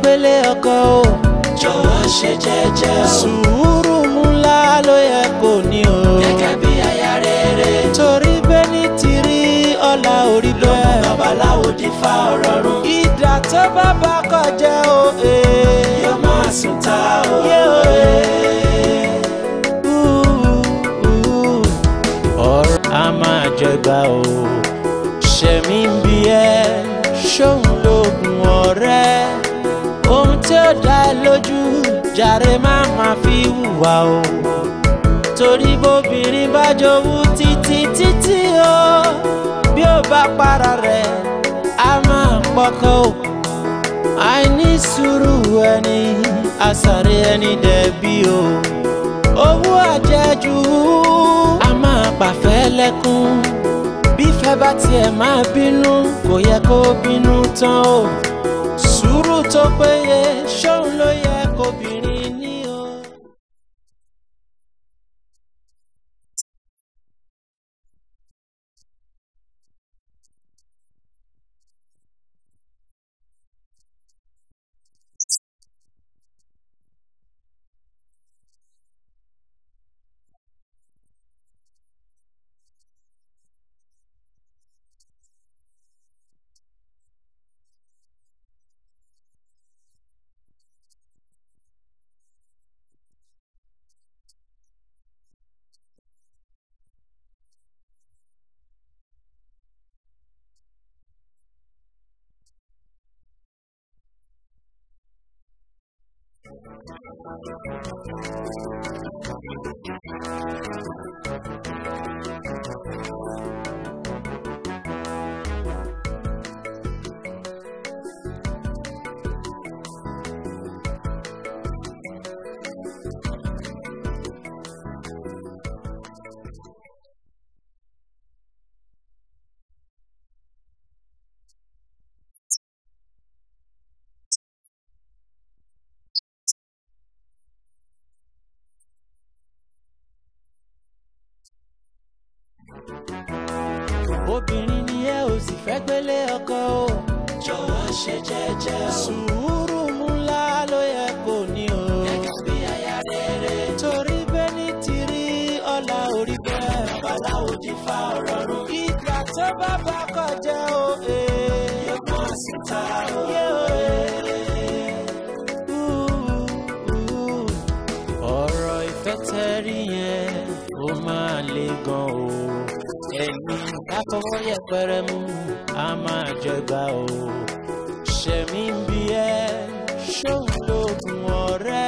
gbélé ọkọ o. jọ̀wọ́ ṣe jẹ́jẹ́ o. sùúrù ńlá ló yẹ kó ní o. gẹ́gẹ́ bí aya rere. torí bẹ́ni ti rí ọlá orí bẹ́ẹ̀. ló babaláwo di fa ọ̀rọ̀ run. ìdà tó bá bá kọjá o. E. yóò máa sùn ta o. E. E. ọ̀rọ̀ a máa jẹgba o. ṣẹ̀mí ń bí ẹ ṣóun lóògùn ọ̀rẹ́ dá ẹ lójú jàre má má fi hùwà o torí bóbìnrin bá jowú títí títí o bí ó bá para rẹ̀ á máa pọkọ o àìní sùúrù ẹni àsàrè ẹni dẹ̀bi o owó àjẹjù á máa pàfẹ́ lẹ́kún bífẹ́ bá tiẹ̀ máa bínú kò yẹ kó bínú tán o tó péye ṣóun ló yẹ kóbìnrin. ṣe jẹ́jẹ́ o. sùúrù ńlá ló yẹ kó ní o. gẹ́gẹ́ bí aya rere. torí bẹ́ni ti rí ọ̀la orí bẹ́ẹ̀. babaláwo ti fa ọ̀rọ̀ rò. ìgbà tó bá bá kọjá o. E. yóò bọ́ síta o. E. ọ̀rọ̀ ìtọ́tẹ́rí yẹn ó máa le gan o. ẹ̀yin bá fọwọ́ yẹpẹrẹ mú a máa jọgbà o níbi ẹ ṣòǹdògùn ọ̀rẹ́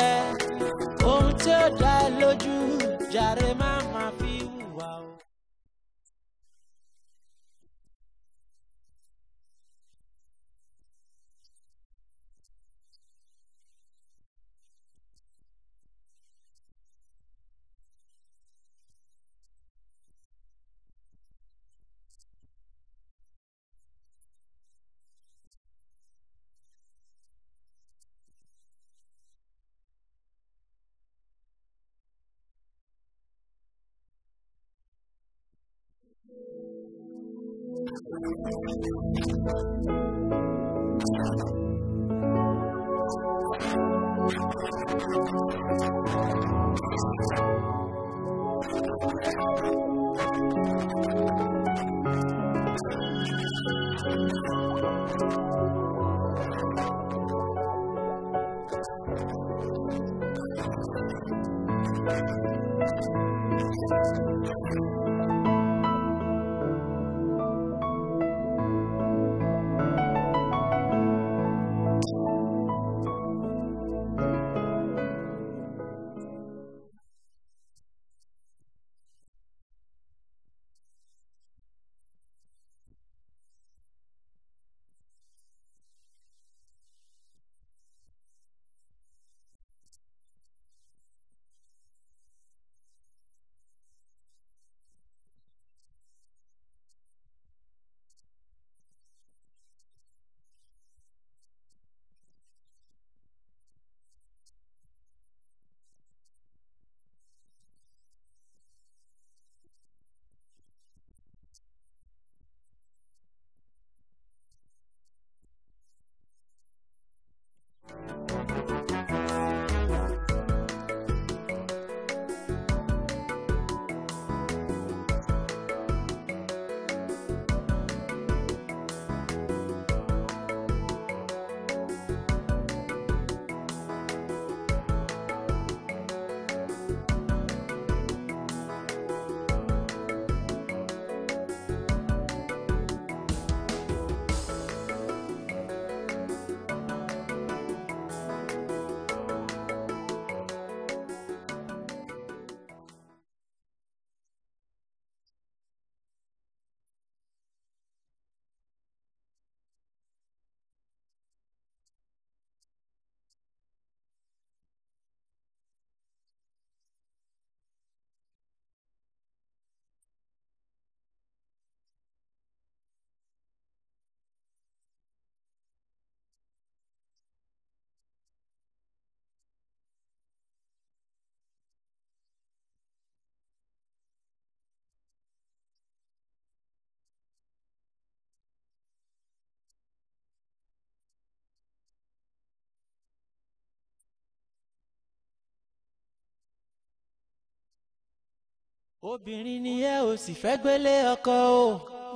obìnrin ni ẹ ò sì fẹ́ gbélé ọkọ o.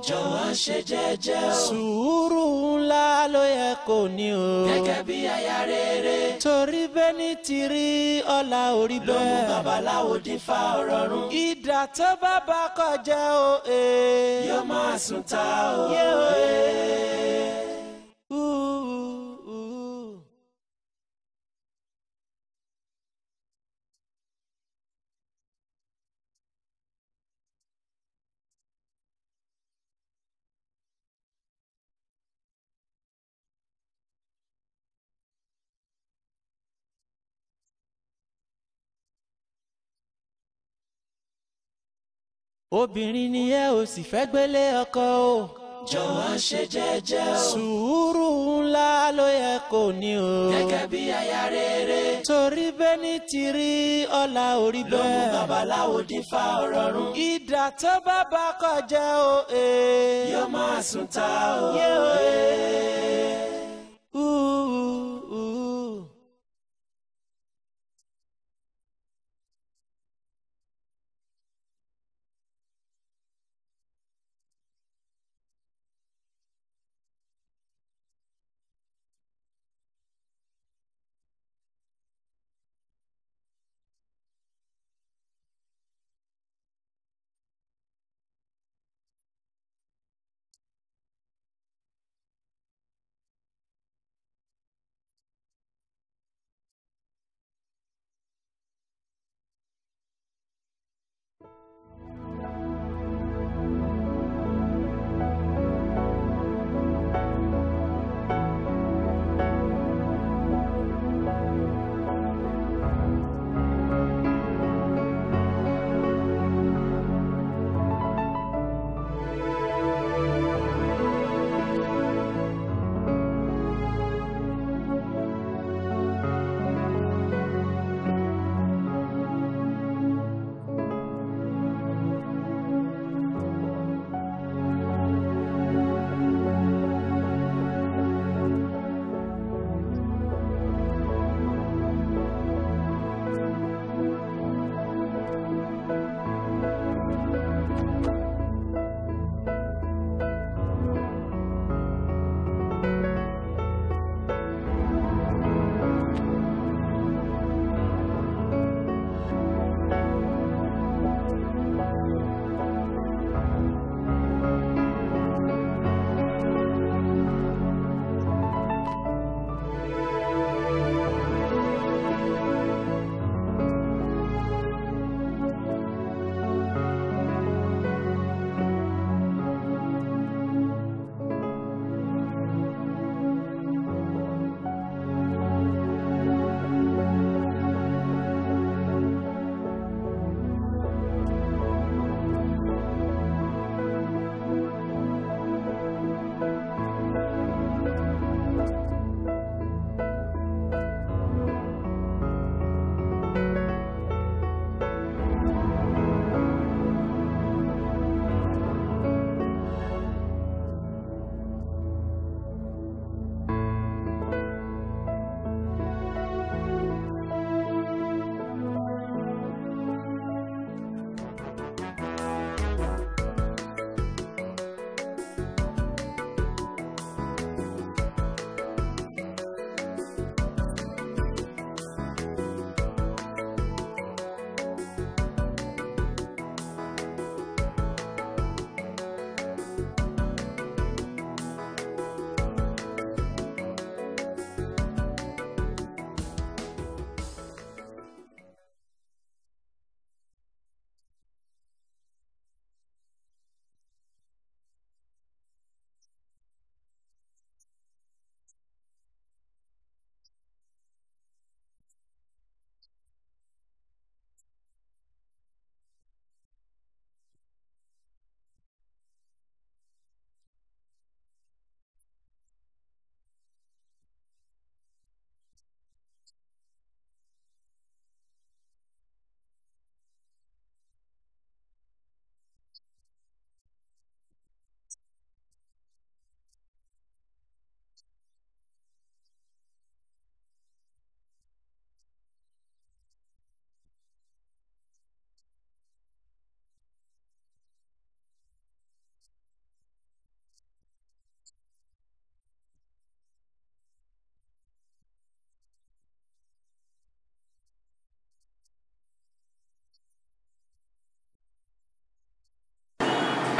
jọ̀wọ́ ṣe jẹ́jẹ́ o. sùúrù ńlá ló yẹ kó ní o. gẹ́gẹ́ bí aya rere. torí bẹ́ni ti rí ọlá orí bẹ́ẹ̀. ló mú babaláwo dífá ọ̀rọ̀ run. ìdà tó bá bá kọjá o. Eh. yóò máa sùn ta o. yóò. obìnrin ni ẹ ò sì fẹ́ gbélé ọkọ o. jọ̀wọ́ ṣe jẹ́jẹ́ o. sùúrù ńlá ló yẹ kó ní o. gẹ́gẹ́ bí aya rere. torí bẹ́ni ti rí ọlá orí bẹ́ẹ̀. ló mú babaláwo dífá ọ̀rọ̀ run. ìdà tó bá bá kọjá o. Eh. yóò máa sùn ta o. yóò eh. Eh.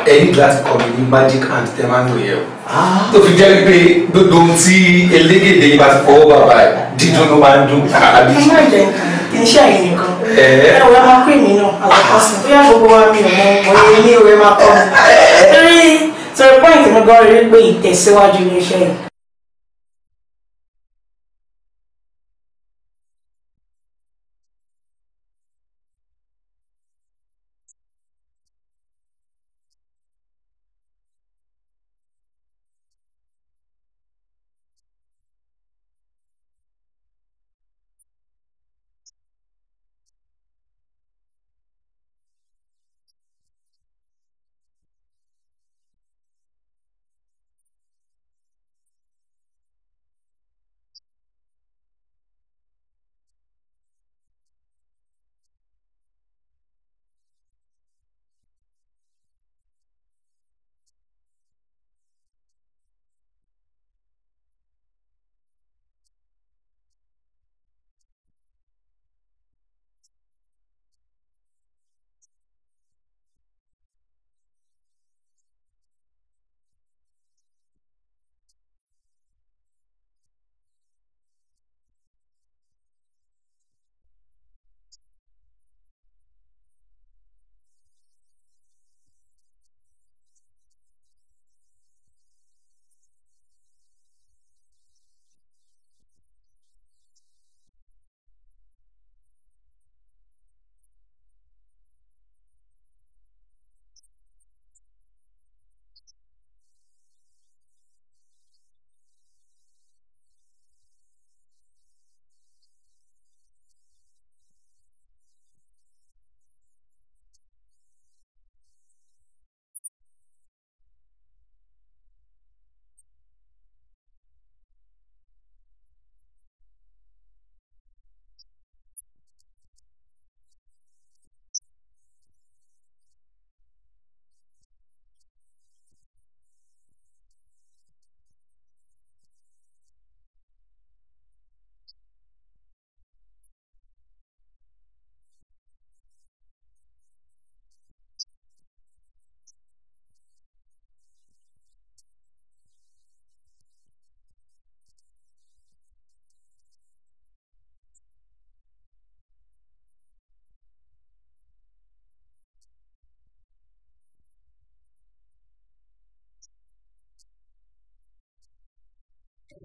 ẹni láti kọ mi ní magic hand tẹ máa ń lò yẹ o ah. tó fi jẹ́ pé gbogbo ohun tí elégédé yìí bá ti fọwọ́ bàbá ẹ̀ dídùn ló máa ń dùn àbí. Ah, ah, ẹ má jẹ nǹkan kì í ṣe àyè nìkan ẹ wọ ẹ máa pè mí náà àlọkọsí bóyá gbogbo wa mi ò mọ òye ní òwe máa kọ mi. torí to the point mo gbọ́ rí pé ìtẹ̀síwájú ní iṣẹ́ yìí.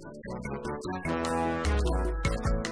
Thank you.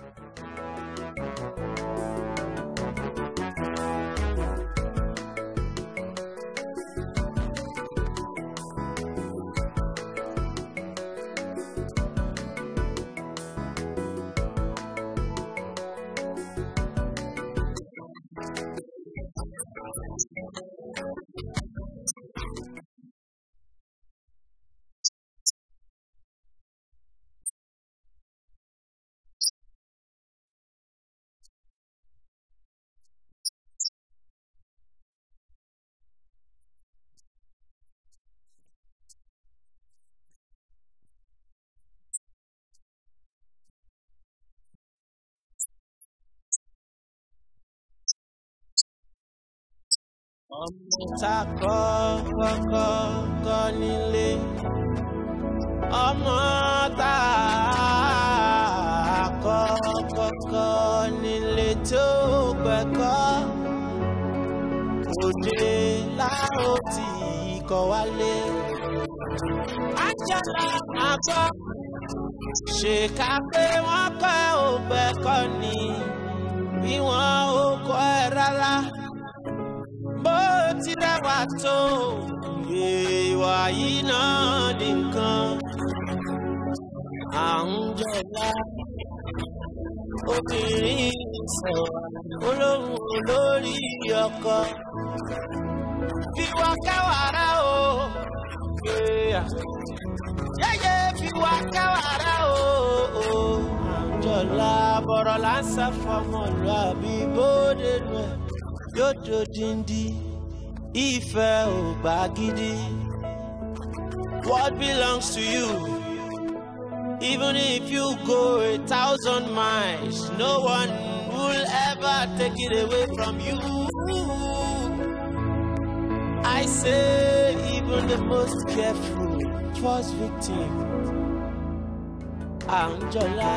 Thank you. ọmọ tá a kọ́ kọ́kọ́ kọ́ nílé ọmọ tá a kọ́ kọ́kọ́ nílé tó gbẹ̀kọ́ òde láò tí kọ́ wálé àjọlá àkọ́ ṣèkà pé wọ́n kọ́ ògbẹ́kọ́ ni bí wọ́n ò kọ́ ẹ rárá bó ti rẹwà tó ìwà yìí náà di nǹkan à ń jọlá obìnrin sọ olóhùn olórí ọkọ fi wá kẹwàrà o yẹyẹ fi wá kẹwàrà o oh. à ń jọlá bọ̀rọ̀ lásán fọmọlúàbí bóde lọ. dodo dindi ìfẹ́ ò What belongs to you? Even if you go a thousand miles, no one will ever take it away from you. I say, even the most careful first victim, Angela.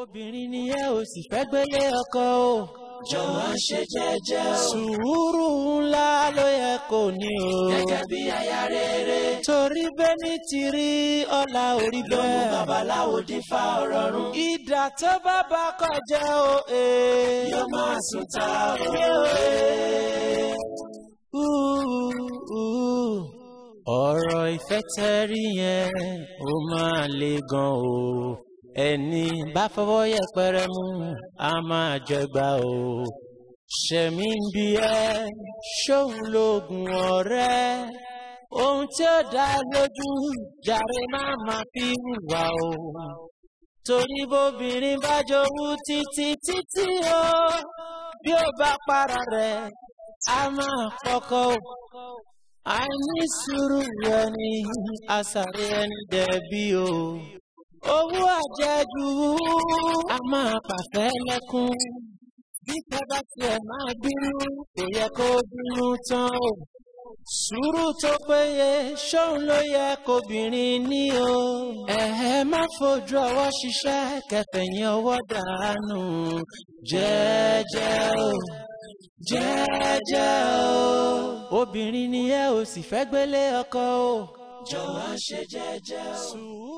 obìnrin ni ẹ ò sì fẹ́ gbélé ọkọ o. jọ̀wọ́ ṣe jẹ́jẹ́ o. sùúrù ńlá ló yẹ kó ní o. gẹ́gẹ́ bí aya rere. torí bẹ́ni ti rí ọlá orí bẹ́ẹ̀. ló mú babaláwo dífá ọ̀rọ̀ run. ìdà tó bá bá kọjá o. E. yóò máa sùn ta o. E. E. ọ̀rọ̀ ìfẹ́ tẹ́rí yẹn ó máa le gan o ẹni bá fọwọ́ yẹpẹrẹ mú a máa jẹgba o ṣẹ̀mí ń bi ẹ́ ṣóun lóògùn ọ̀rẹ́ ohun tí ó dá lójú jàre má máa fi hùwà o torí bóbìnrin bá jowú títí títí o bí ó bá para rẹ̀ a máa kọ́kọ́ o àìní sùúrù ẹni àṣàrí ẹni dẹ̀bi o owó àjẹjù a máa pàfẹ́ lẹ́kún bí bàbá tiẹ̀ máa bínú kò yẹ kó bínú tán o sùúrù tó péye ṣóun ló yẹ kóbìnrin ní o ẹ̀ẹ́ má fojú ọwọ́ ṣiṣẹ́ kẹfẹ̀yìn ọwọ́ dànù jẹ́ẹ́jẹ́ o jẹ́ẹ́jẹ́ o obìnrin ni ẹ ò sì fẹ́ gbélé ọkọ o jọ̀wọ́ ṣe jẹ́ẹ́jẹ́ o.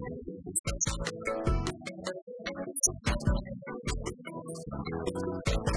Thank you.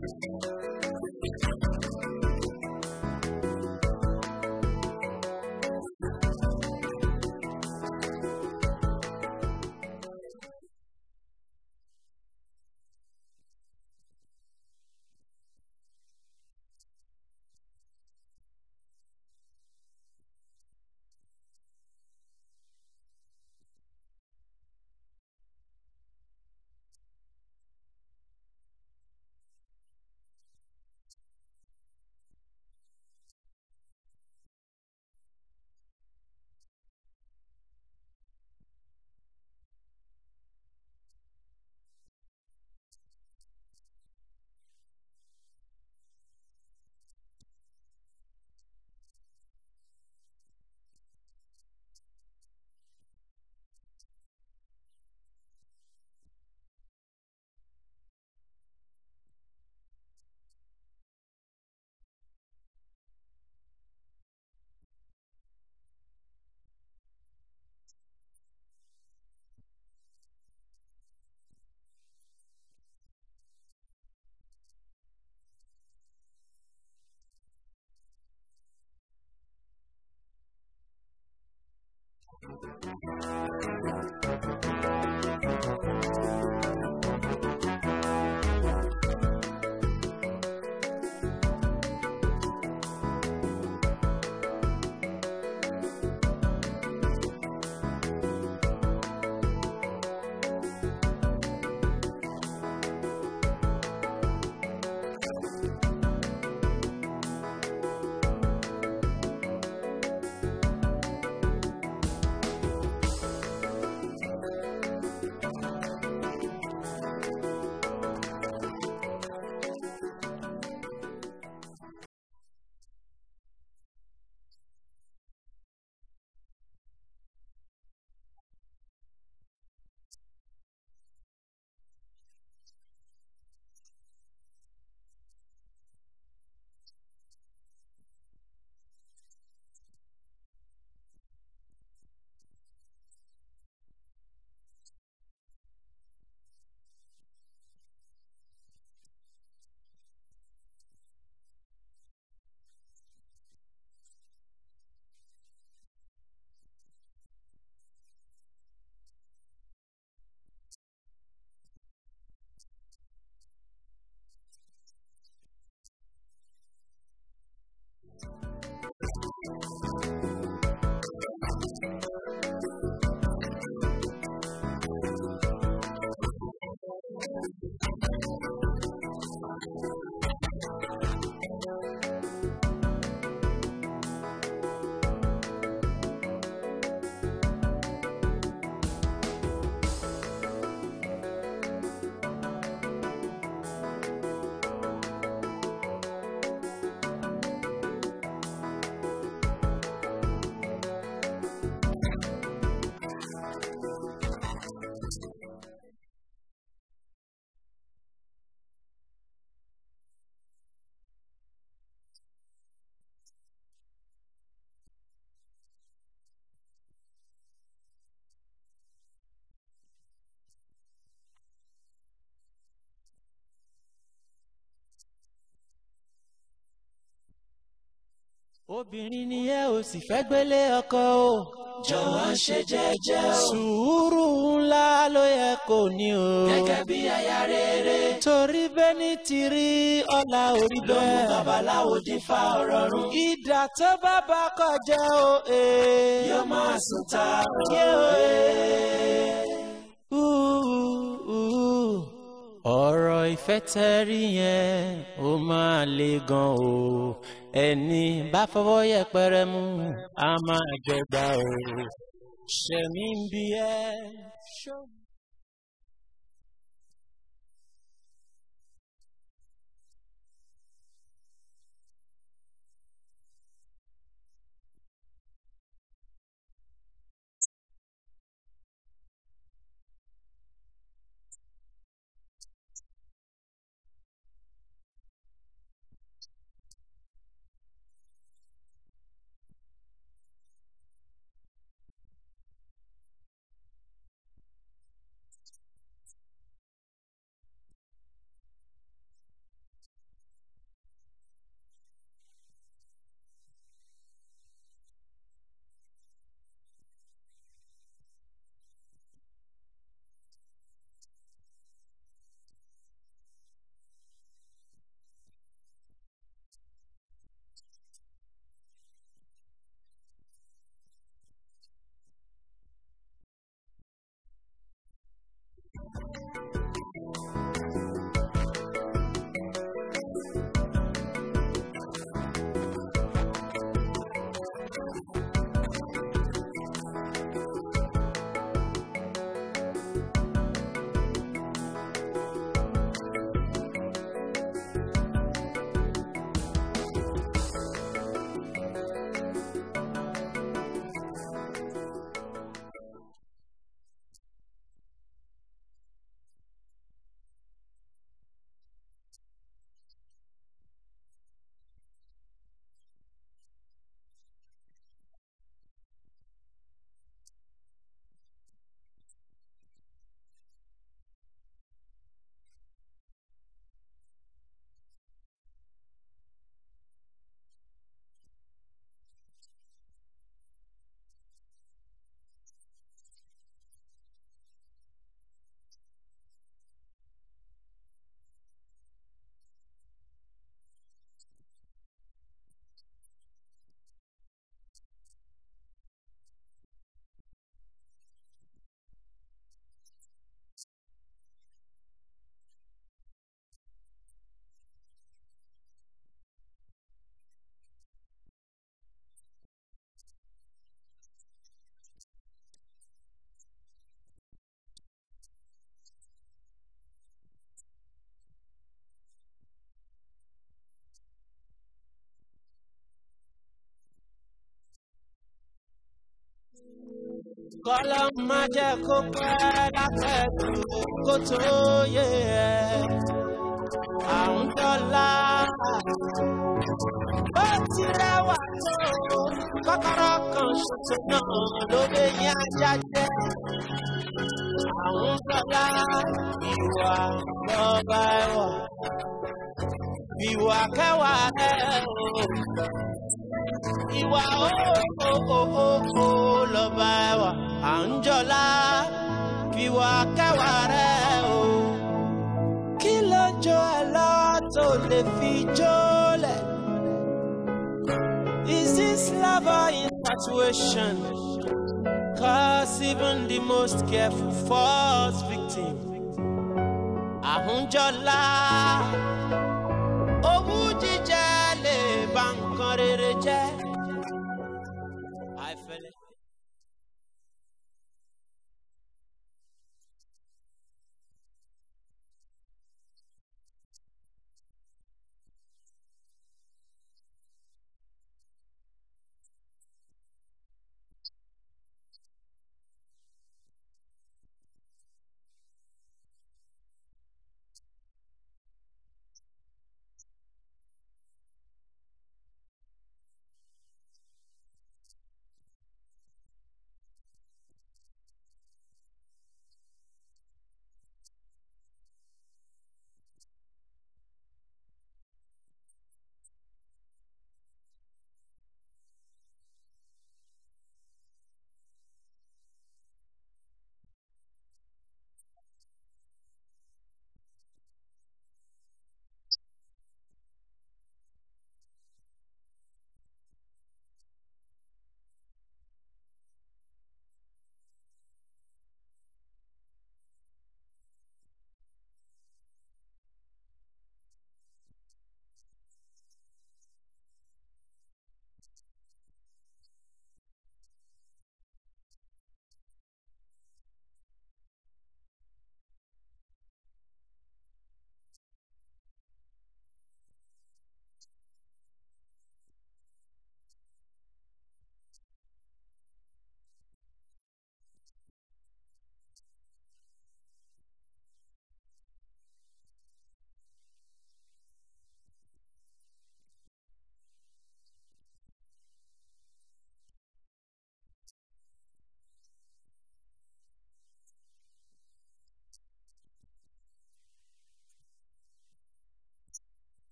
Jesus. obìnrin ni ẹ ò sì fẹ́ gbélé ọkọ o jọ̀wọ́ ṣe jẹ́jẹ́ o sùúrù ńlá ló yẹ kó ní o gẹ́gẹ́ bí aya rere torí bẹ́ni ti rí ọ̀la orí bẹ́ẹ̀ ló babaláwo dín fa ọ̀rọ̀ run ìdà tó bá bá kọjá o eh. yóò máa sùn ta o. Eh. Eh. ọ̀rọ̀ ìfẹ́ tẹ́rí yẹn ó máa le gan o ẹni bá fọwọ́ yẹpẹrẹ mú a máa jẹgbà o ṣẹ̀mí ń bí ẹ ṣọ́ọ̀bù. kọ́lá má jẹ́ kó pẹ́ dákẹ́kù kó tó yé ẹ̀ à ń dọ́là. bó ti rẹwà tó kọ́kọ́rọ́ kan ṣoṣo náà ló lè yín ajá jẹ́ à ń dọ́là ìwà lọ́ba ẹ̀wà ìwà kẹwàá ẹ̀ ìwà ó ó ó ó lọ́ba ẹ̀wà à ń jọlá fi wá káwa rẹ o kí ló ẹ lọ lè fi jólẹ̀. Is this love or infatuation? Cause even the most careful falls victim. Àhúnjọ́lá owó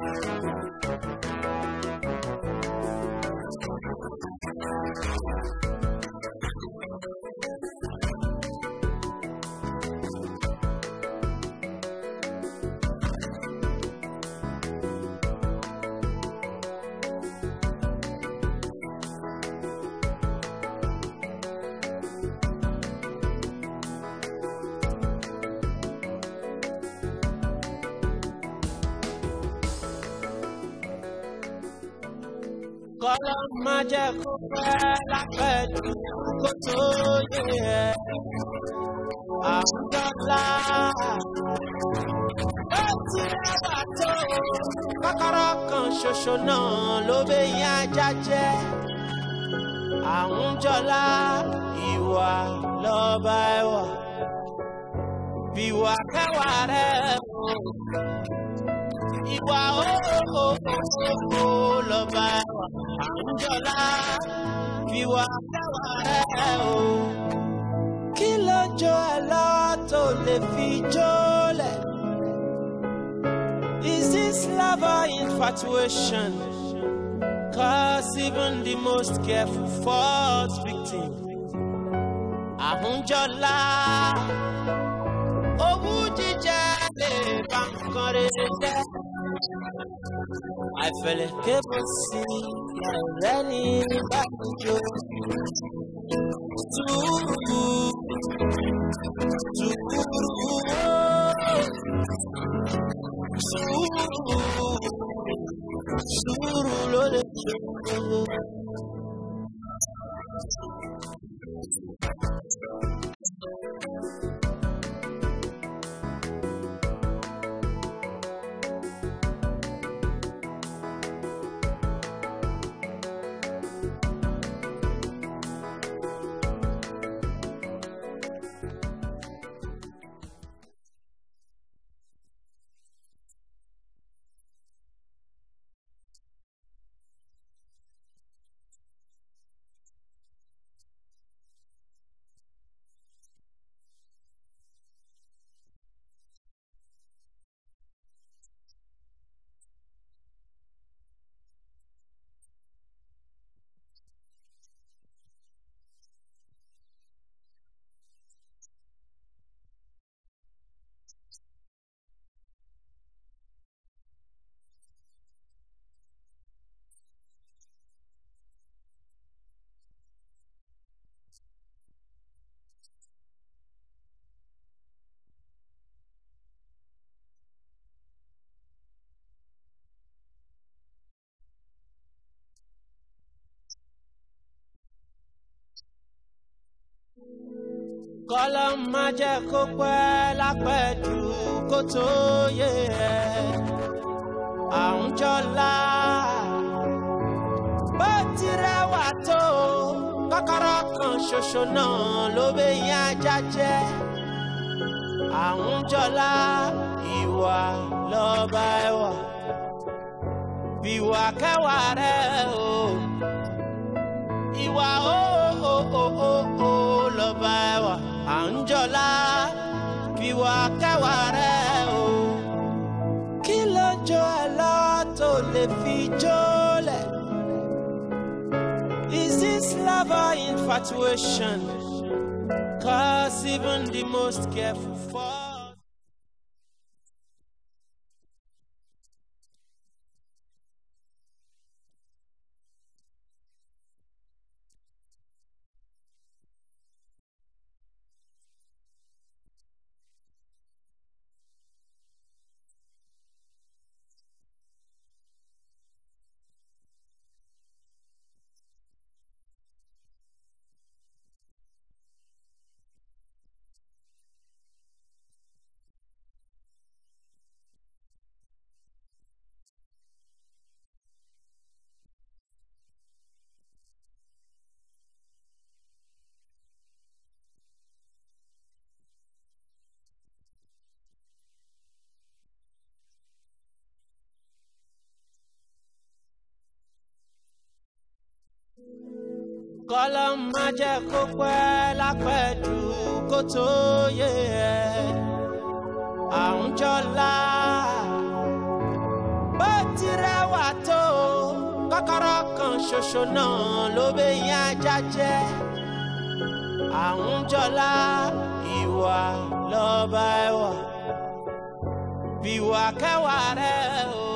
Thank you. jẹ́ kó pẹ́ lápẹ̀jù kó tó yé ẹ. Àwùjọ ńlá ó ti rẹwà tó. Kọ́kọ́rọ́ kan ṣoṣo náà ló bẹ yín ajá jẹ́. Àwùjọ ńlá ìwà lọ́ba ẹwà. this love or infatuation. Cause even the most careful falls victim. Àhúnjọ́lá owó jíjẹ lè bá I feel jẹ́. Àìfẹ̀lẹ̀ kébù sí ẹ̀rẹ́ ní ìbáṣejò. to sùúrù. Thank you. ọlọ́run má jẹ́ kó pẹ́ lápẹ̀jù kó tó yé ẹ àwùjọ́lá bó ti rẹwà tó kọ́kọ́rọ́ kan ṣoṣo náà ló bẹ yín ajá jẹ́ àwùjọ́lá ìwà lọ́ba ẹwà ìwà kẹwàá rẹ o ìwà ó ó ó ó ó lọ́ba ẹwà ń jọlá fi o kí ló ń jọ ẹ Is this love or infatuation? Cause even the most careful. má jẹ́ kó pẹ́ lápẹ̀jù kó tó yé ẹ àwùjọ́lá bó ti rẹwà tó kọ́kọ́rọ́ kan ṣoṣo náà ló bẹ yín ajá jẹ́ àwùjọ́lá ìwà lọ́ba ẹwà bíwà kẹwàá rẹ o.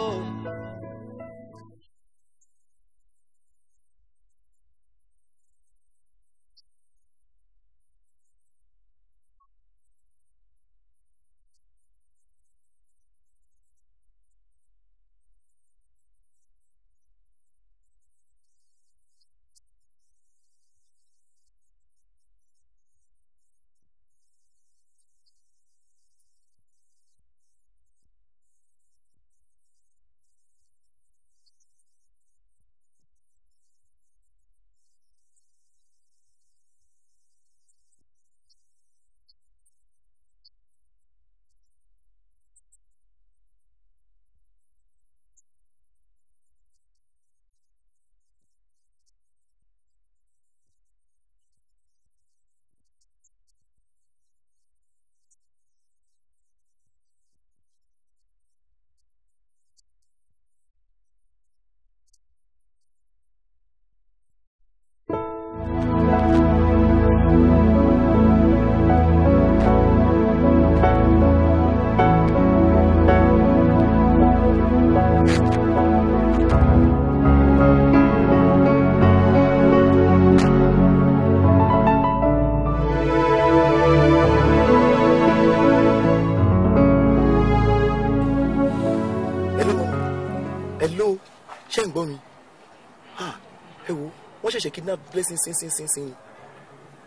blessing sin sin sin sin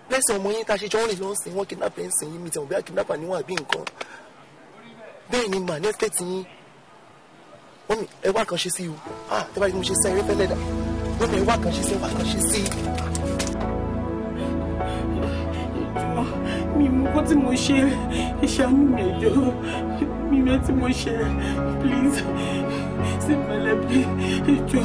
blessing ọmọ yín tá a ṣe jọ ń rìn lọ sin wọn kidnap ẹ̀ ń sin yín mi tẹ̀wọ̀n bí akidnapper níwọ̀n àbí nǹkan bẹ́ẹ̀ ni màá nẹ́fẹ̀ẹ́ tì yín wọ́n mi ẹ wá kan ṣe sí o ah tẹ́ bá yẹ mo ṣe sẹ́yìn rẹ́fẹ́ lẹ́dà wọ́n mi ẹ wá kan ṣe sí i ẹ wá kan ṣe sí i. mi mú kó tí mo ṣe ìṣàánú mi ẹjọ mi mẹ tí mo ṣe please ṣe pẹ̀lẹ́ bí ẹjọ.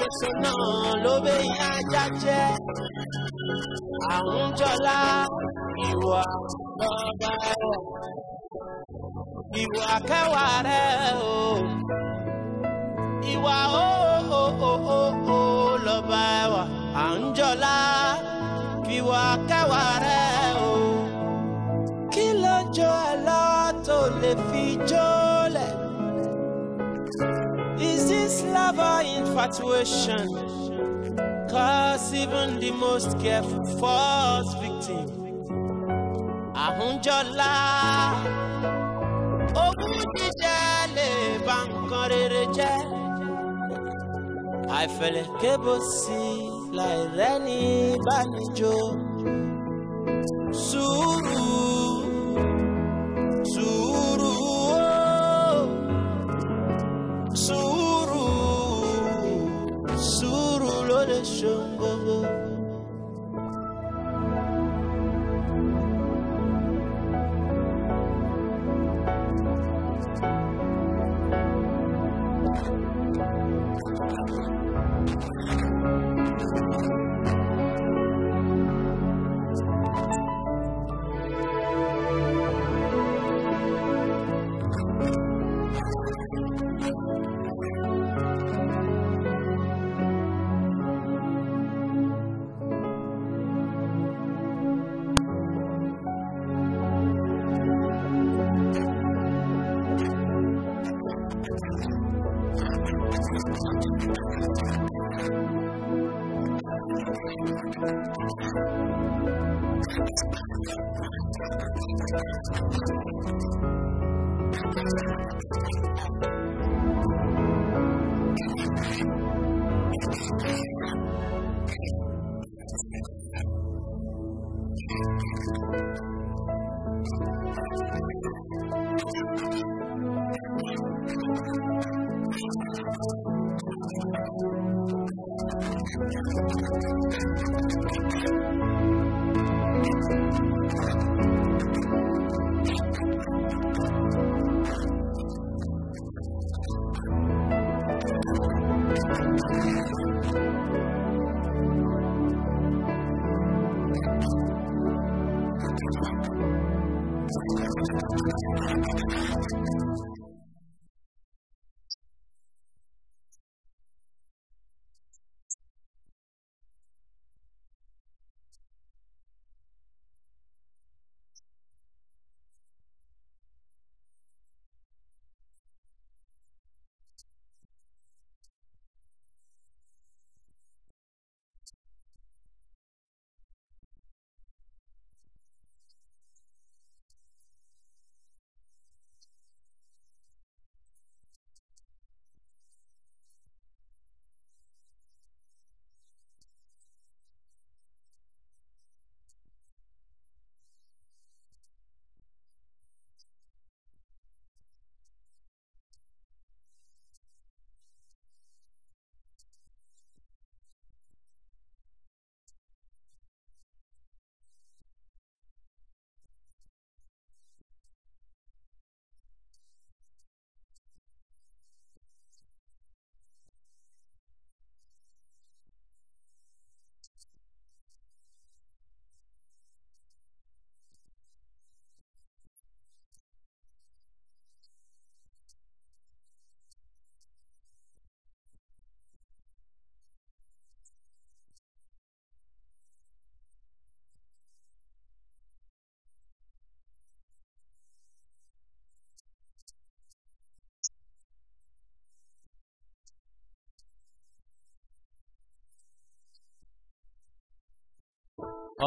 ṣoṣo náà ló bẹ́yìn ajá jẹ́ àwùjọlá ìwà lọ́ba rẹ̀ ìwà kẹwàá rẹ̀ o ìwà o o o o o lọ́ba ẹwà àwùjọlá ìwà kẹwàá rẹ̀ o kí ló jọ lọ́wọ́ tó lè fi jó. discover infatuation. Cause even the most careful falls victim. Ahunjọlá ogún jíjẹ lè I fell rere jẹ́. Àìfẹ̀lẹ̀ kébò sí láì rẹ́ni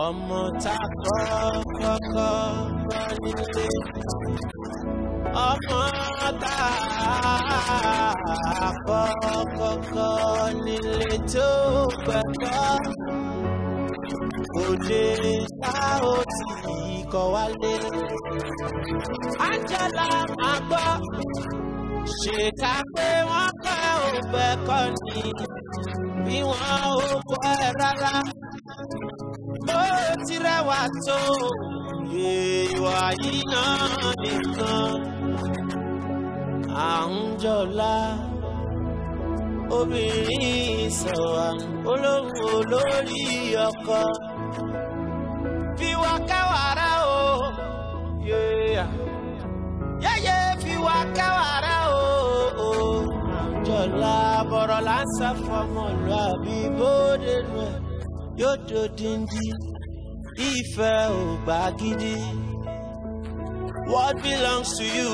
ọmọ tá kọ́kọ́ bọ́ nílé ọmọ tá kọ́kọ́ nílé tó gbẹ̀kọ́ òde tá ó sì kọ́ wálé ajala máa gbọ́ ṣèkà pé wọ́n kọ́ ògbẹ́kọ́ ni bí wọ́n ò kọ́ ẹ rárá ti rẹwà tó ìwà yìí náà nìkan à ń jọlá obìnrin sọ̀wà olóhùn olórí ọkọ fi wá káwàrà o yẹ́yẹ́ fi wá káwàrà o àjọlá bọ̀rọ̀ lásán fọmọ lọ àbí bóde nù ẹ̀ yóò dòdìndín. ìfẹ́ ò gbà gidi. What belongs to you?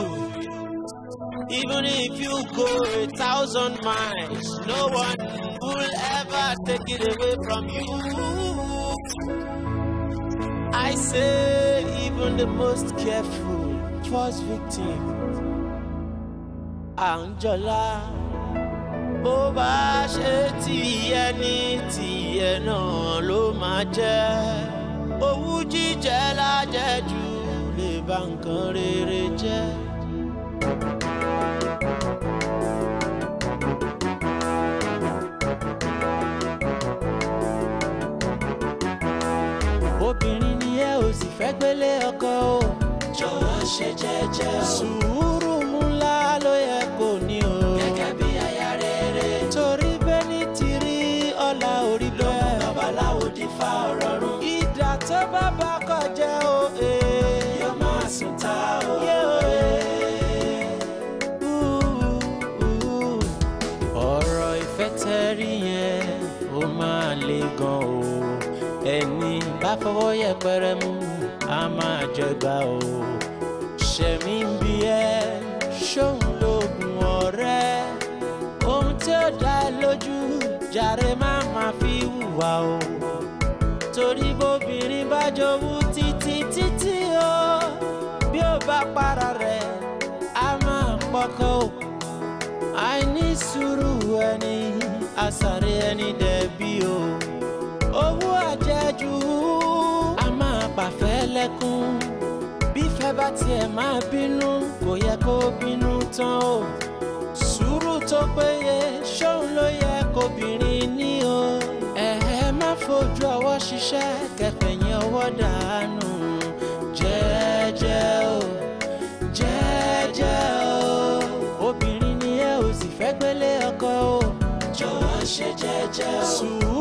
Even if you go a thousand miles, no one will ever take it away from you. I say, even the most careful first victim, Angela, bó bá ṣe ti náà ló máa jẹ́. jíjẹ lájẹjù lè ba nǹkan rere jẹ́. obìnrin ni ẹ ò sì fẹ́ gbélé ọkọ o. jọ̀wọ́ ṣe jẹ́jẹ́ o. pẹrẹmu a máa jẹgba o ṣẹ̀mí ń bi ẹ́ ṣóun lóògùn ọ̀rẹ́ ohun tí ó dá lójú jàre má máa fi hùwà o torí bóbìnrin bá jowú titi titi o bí ó bá para rẹ̀ a máa pọkọ o àìní ẹni àsàrè ẹni dẹ̀bi o owó àjẹjù pàfẹ́ lẹ́kún bí fẹ́ bá tiẹ̀ máa bínú kò yẹ kó bínú tán o sùúrù tó péye ṣóun ló yẹ kóbìnrin ní o ẹ̀ẹ́ má fojú ọwọ́ ṣiṣẹ́ kẹfẹ̀yìn ọwọ́ dànù jẹ́ẹ́jẹ́ o jẹ́ẹ́jẹ́ o obìnrin ni ẹ ò sì fẹ́ gbélé ọkọ o jọ̀wọ́ ṣe jẹ́ẹ́jẹ́ o.